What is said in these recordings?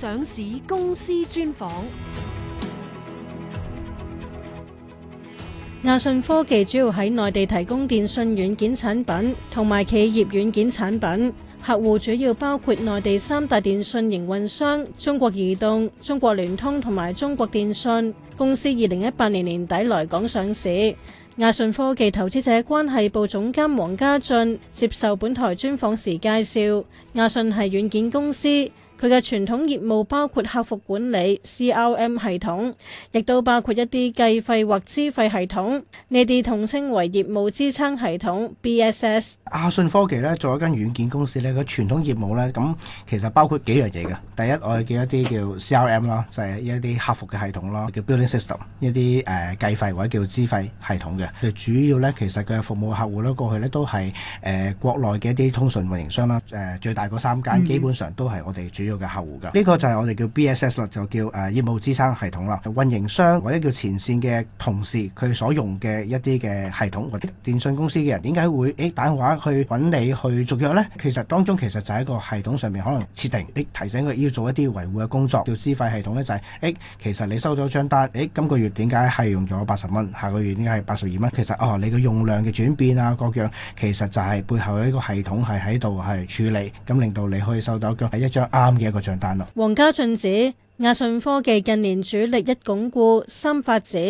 上市公司專訪。亞信科技主要喺內地提供電信軟件產品同埋企業軟件產品，客戶主要包括內地三大電信營運商：中國移動、中國聯通同埋中國電信。公司二零一八年年底來港上市。亞信科技投資者關係部總監王家俊接受本台專訪時介紹：亞信係軟件公司。佢嘅傳統業務包括客服管理 （CRM 系統），亦都包括一啲計費或資費系統，呢啲統稱為業務支撐系統 （BSS）。亞信科技呢，做一間軟件公司呢，佢傳統業務呢，咁其實包括幾樣嘢嘅。第一，我哋嘅一啲叫 CRM 咯，就係一啲客服嘅系統咯，叫 billing system，一啲誒計費或者叫資費系統嘅。佢主要呢，其實佢嘅服務客戶呢過去呢都係誒、呃、國內嘅一啲通訊運營商啦，誒、呃、最大嗰三間、嗯、基本上都係我哋主。嘅客戶噶，呢個就係我哋叫 BSS 啦，就叫誒業務支撐系統啦。運營商或者叫前線嘅同事，佢所用嘅一啲嘅系統，或者電信公司嘅人點解會誒打電話去揾你去續約呢？其實當中其實就係一個系統上面可能設定，誒提醒佢要做一啲維護嘅工作。叫資費系統呢、就是，就係誒，其實你收到張單，誒今、今個月點解係用咗八十蚊，下個月點解係八十二蚊？其實哦，你嘅用量嘅轉變啊，各樣其實就係背後一個系統係喺度係處理，咁令到你可以收到一張啱。一個帳單咯。王家俊指亞信科技近年主力一鞏固三發展，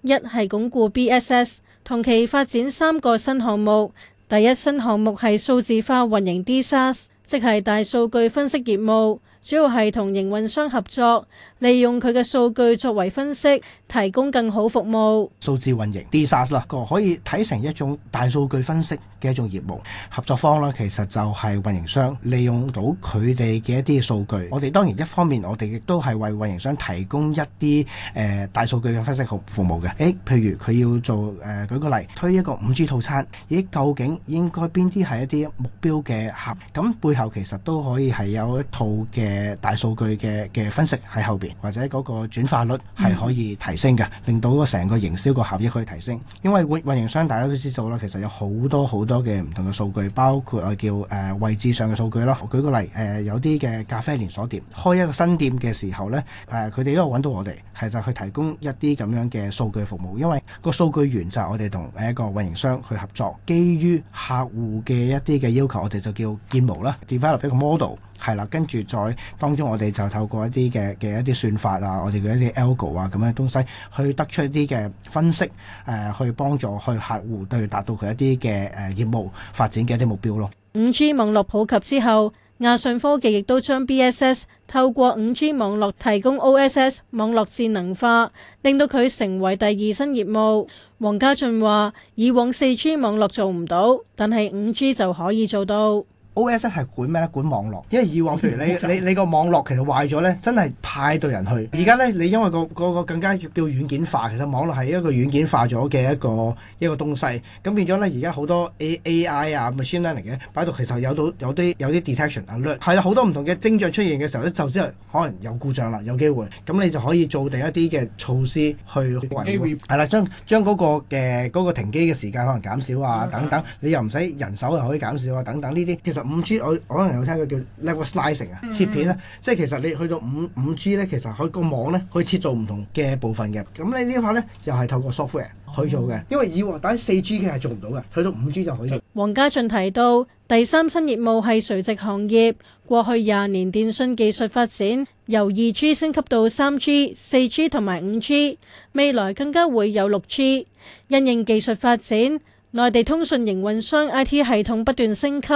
一係鞏固 BSS，同期發展三個新項目。第一新項目係數字化運營 DSS，即係大數據分析業務，主要係同營運商合作，利用佢嘅數據作為分析，提供更好服務。數字運營 DSS 啦，個可以睇成一種大數據分析，嘅一種業務合作方啦，其實就係運營商，利用到佢哋嘅一啲數據，我哋當然一方面，我哋亦都係為運營商提供一啲誒、呃、大數據嘅分析服服務嘅。誒譬如佢要做誒、呃、舉個例，推一個五 G 套餐，咦，究竟應該邊啲係一啲目標嘅客？咁背後其實都可以係有一套嘅大數據嘅嘅分析喺後邊，或者嗰個轉化率係可以提升嘅，嗯，令到成個營銷個效益可以提升。因為運營商大家都知道啦，其實有好多好多。很多多嘅唔同嘅數據，包括我叫誒位置上嘅數據啦。我舉個例誒有啲嘅咖啡連鎖店開一個新店嘅時候咧，誒佢哋因為揾到我哋，係就去提供一啲咁樣嘅數據服務。因為個數據源就係我哋同一個運營商去合作，基於客戶嘅一啲嘅要求，我哋就叫建模啦，develop 一個 model，係啦，跟住再當中我哋就透過一啲嘅嘅一啲算法啊，我哋嘅一啲 algo 啊咁樣東西，去得出一啲嘅分析，誒去幫助客去客戶對達到佢一啲嘅誒。業務發展嘅一啲目標咯。五 G 網絡普及之後，亞信科技亦都將 BSS 透過五 G 網絡提供 OSS 網絡智能化，令到佢成為第二新業務。王家俊話：以往四 G 網絡做唔到，但係五 G 就可以做到。O.S. 係管咩咧？管網絡，因為以往譬如你你你個網絡其實壞咗咧，真係派隊人去。而家咧，你因為個個個更加叫軟件化，其實網絡係一個軟件化咗嘅一個一個東西。咁變咗咧，而家好多 A.A.I. 啊，machine learning 嘅擺到，其實有到有啲有啲 detection alert，係啦，好多唔同嘅徵象出現嘅時候咧，就即係可能有故障啦，有機會。咁你就可以做定一啲嘅措施去維護。係啦，將將嗰個嘅嗰、嗰個停機嘅時間可能減少啊，等等。你又唔使人手又可以減少啊，等等呢啲。其實五 G 我可能有聽佢叫 level slicing 啊，切片啊、嗯，即係其實你去到五五 G 其實佢個網咧可以切做唔同嘅部分嘅。咁呢一 part 又係透過 software 去做嘅、哦，因為以往打四 G 其係做唔到嘅，去到五 G 就可以。王家俊提到第三新業務係垂直行業，過去廿年電信技術發展由二 G 升級到三 G、四 G 同埋五 G，未來更加會有六 G，因應技術發展。內地通訊營運商 IT 系統不斷升級，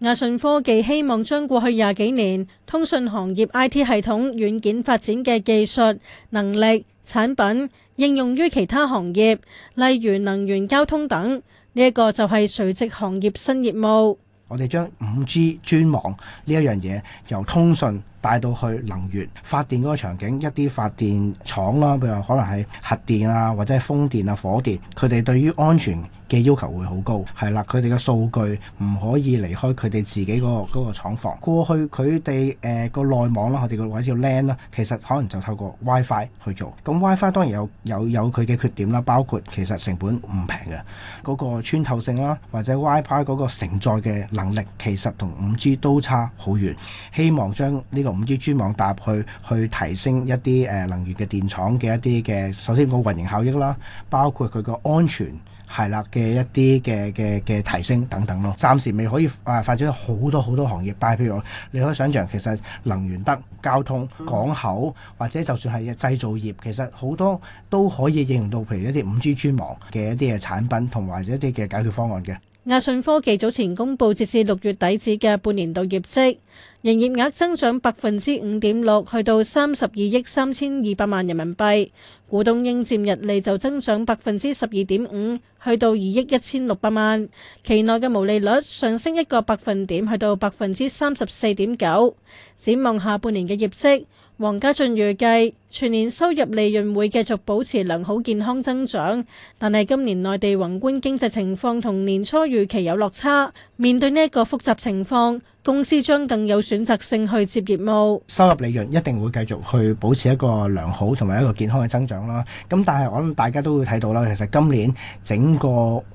亞信科技希望將過去廿幾年通訊行業 IT 系統軟件發展嘅技術能力產品應用於其他行業，例如能源、交通等。呢一個就係垂直行業新業務。我哋將 5G 專網呢一樣嘢由通訊帶到去能源發電嗰個場景，一啲發電廠啦，譬如可能係核電啊，或者係風電啊、火電，佢哋對於安全。嘅要求會好高，係啦，佢哋嘅數據唔可以離開佢哋自己嗰個嗰個廠房。過去佢哋誒個內網啦，我哋個位叫 LAN 啦，其實可能就透過 WiFi 去做。咁 WiFi 當然有有有佢嘅缺點啦，包括其實成本唔平嘅、嗰個穿透性啦，或者 WiFi 嗰個承載嘅能力，其實同五 G 都差好遠。希望將呢個五 G 專網搭去去提升一啲誒能源嘅電廠嘅一啲嘅，首先個運營效益啦，包括佢個安全。係啦，嘅一啲嘅嘅嘅提升等等咯，暫時未可以啊發展好多好多行業，但係譬如我你可以想像，其實能源、得交通、港口或者就算係製造業，其實好多都可以應用到，譬如一啲五 G 專網嘅一啲嘅產品同埋一啲嘅解決方案嘅。亞信科技早前公佈截至六月底止嘅半年度業績。營業額增長百分之五點六，去到三十二億三千二百萬人民幣。股東應占溢利，就增長百分之十二點五，去到二億一千六百萬。期內嘅毛利率上升一個百分點，去到百分之三十四點九。展望下半年嘅業績，王家俊預計。全年收入利潤會繼續保持良好健康增長，但係今年內地宏觀經濟情況同年初預期有落差。面對呢一個複雜情況，公司將更有選擇性去接業務。收入利潤一定會繼續去保持一個良好同埋一個健康嘅增長啦。咁但係我諗大家都會睇到啦，其實今年整個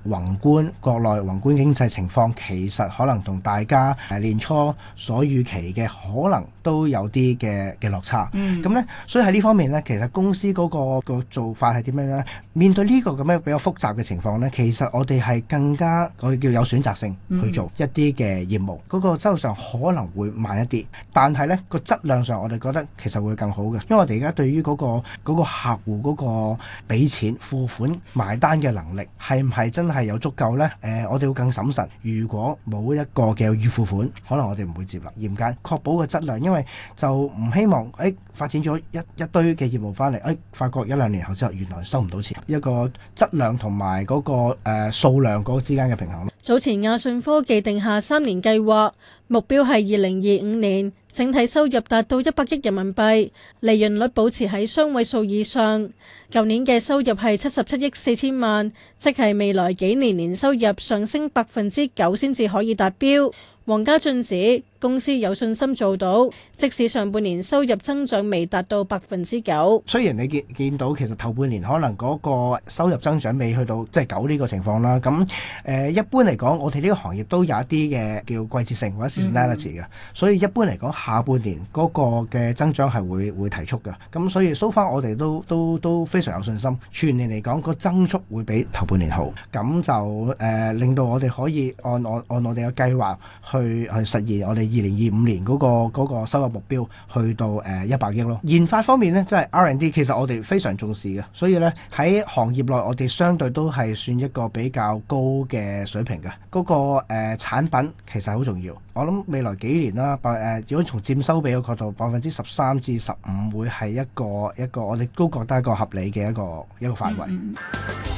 宏觀，國內宏觀經濟情況其實可能同大家誒年初所預期嘅可能都有啲嘅嘅落差。咁、嗯、咧，所以喺呢方面。方面咧，其實公司嗰、那個、那個做法係點樣樣咧？面對呢個咁樣比較複雜嘅情況咧，其實我哋係更加我哋叫有選擇性去做一啲嘅業務嗰、mm -hmm. 個質量上可能會慢一啲，但係咧個質量上我哋覺得其實會更好嘅，因為我哋而家對於嗰、那個嗰、那個客戶嗰個俾錢付款埋單嘅能力係唔係真係有足夠咧？誒、呃、我哋會更審慎。如果冇一個嘅預付款，可能我哋唔會接納，嚴格確保個質量，因為就唔希望誒、哎、發展咗一一。堆嘅業務翻嚟，哎，發覺一兩年後之後，原來收唔到錢，一個質量同埋嗰個誒數量嗰個之間嘅平衡咯。早前亞信科技定下三年計劃，目標係二零二五年整體收入達到一百億人民幣，利潤率保持喺雙位數以上。舊年嘅收入係七十七億四千萬，即係未來幾年年收入上升百分之九先至可以達標。王家俊指。公司有信心做到，即使上半年收入增長未達到百分之九。雖然你見見到其實頭半年可能嗰個收入增長未去到即係九呢個情況啦。咁誒、呃、一般嚟講，我哋呢個行業都有一啲嘅叫季節性或者 seasonality 嘅、嗯，所以一般嚟講，下半年嗰個嘅增長係會會提速嘅。咁所以 so far 我哋都都都非常有信心，全年嚟講個增速，會比頭半年好。咁就誒、呃、令到我哋可以按我按，按我哋嘅計劃去去實現我哋。二零二五年嗰個嗰個收入目標去到誒一百億咯。研發方面呢，即係 R&D 其實我哋非常重視嘅，所以呢，喺行業內，我哋相對都係算一個比較高嘅水平嘅、嗰個。嗰個誒產品其實好重要。我諗未來幾年啦，百、呃、誒，如果從佔收比嘅角度，百分之十三至十五會係一個一個，一個我哋都覺得一個合理嘅一個一個範圍、嗯。嗯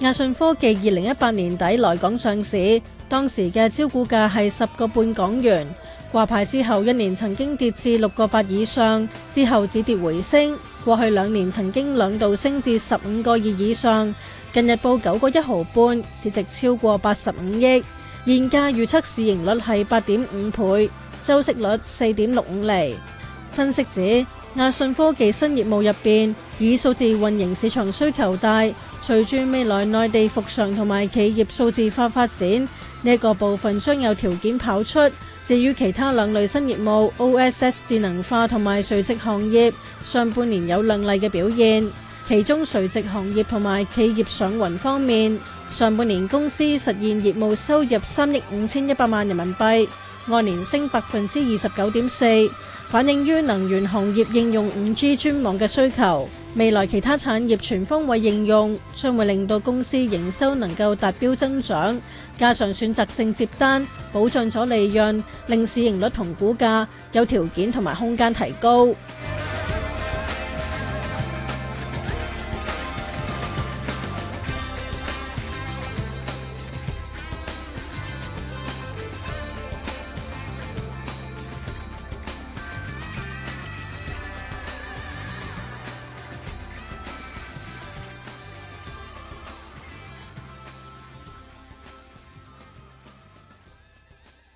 亞信科技二零一八年底來港上市，當時嘅招股價係十個半港元。掛牌之後一年曾經跌至六個八以上，之後止跌回升。過去兩年曾經兩度升至十五個二以上，近日報九個一毫半，市值超過八十五億。現價預測市盈率係八點五倍，周息率四點六五厘。分析指亞信科技新業務入邊，以數字運營市場需求大。隨住未來內地復常同埋企業數字化發展，呢、這個部分將有條件跑出。至於其他兩類新業務，OSS 智能化同埋垂直行業，上半年有靚麗嘅表現。其中垂直行業同埋企業上雲方面，上半年公司實現業務收入三億五千一百萬人民幣，按年升百分之二十九點四，反映於能源行業應用五 G 專網嘅需求。未來其他產業全方位應用，將會令到公司營收能夠達標增長，加上選擇性接單，保障咗利潤，令市盈率同股價有條件同埋空間提高。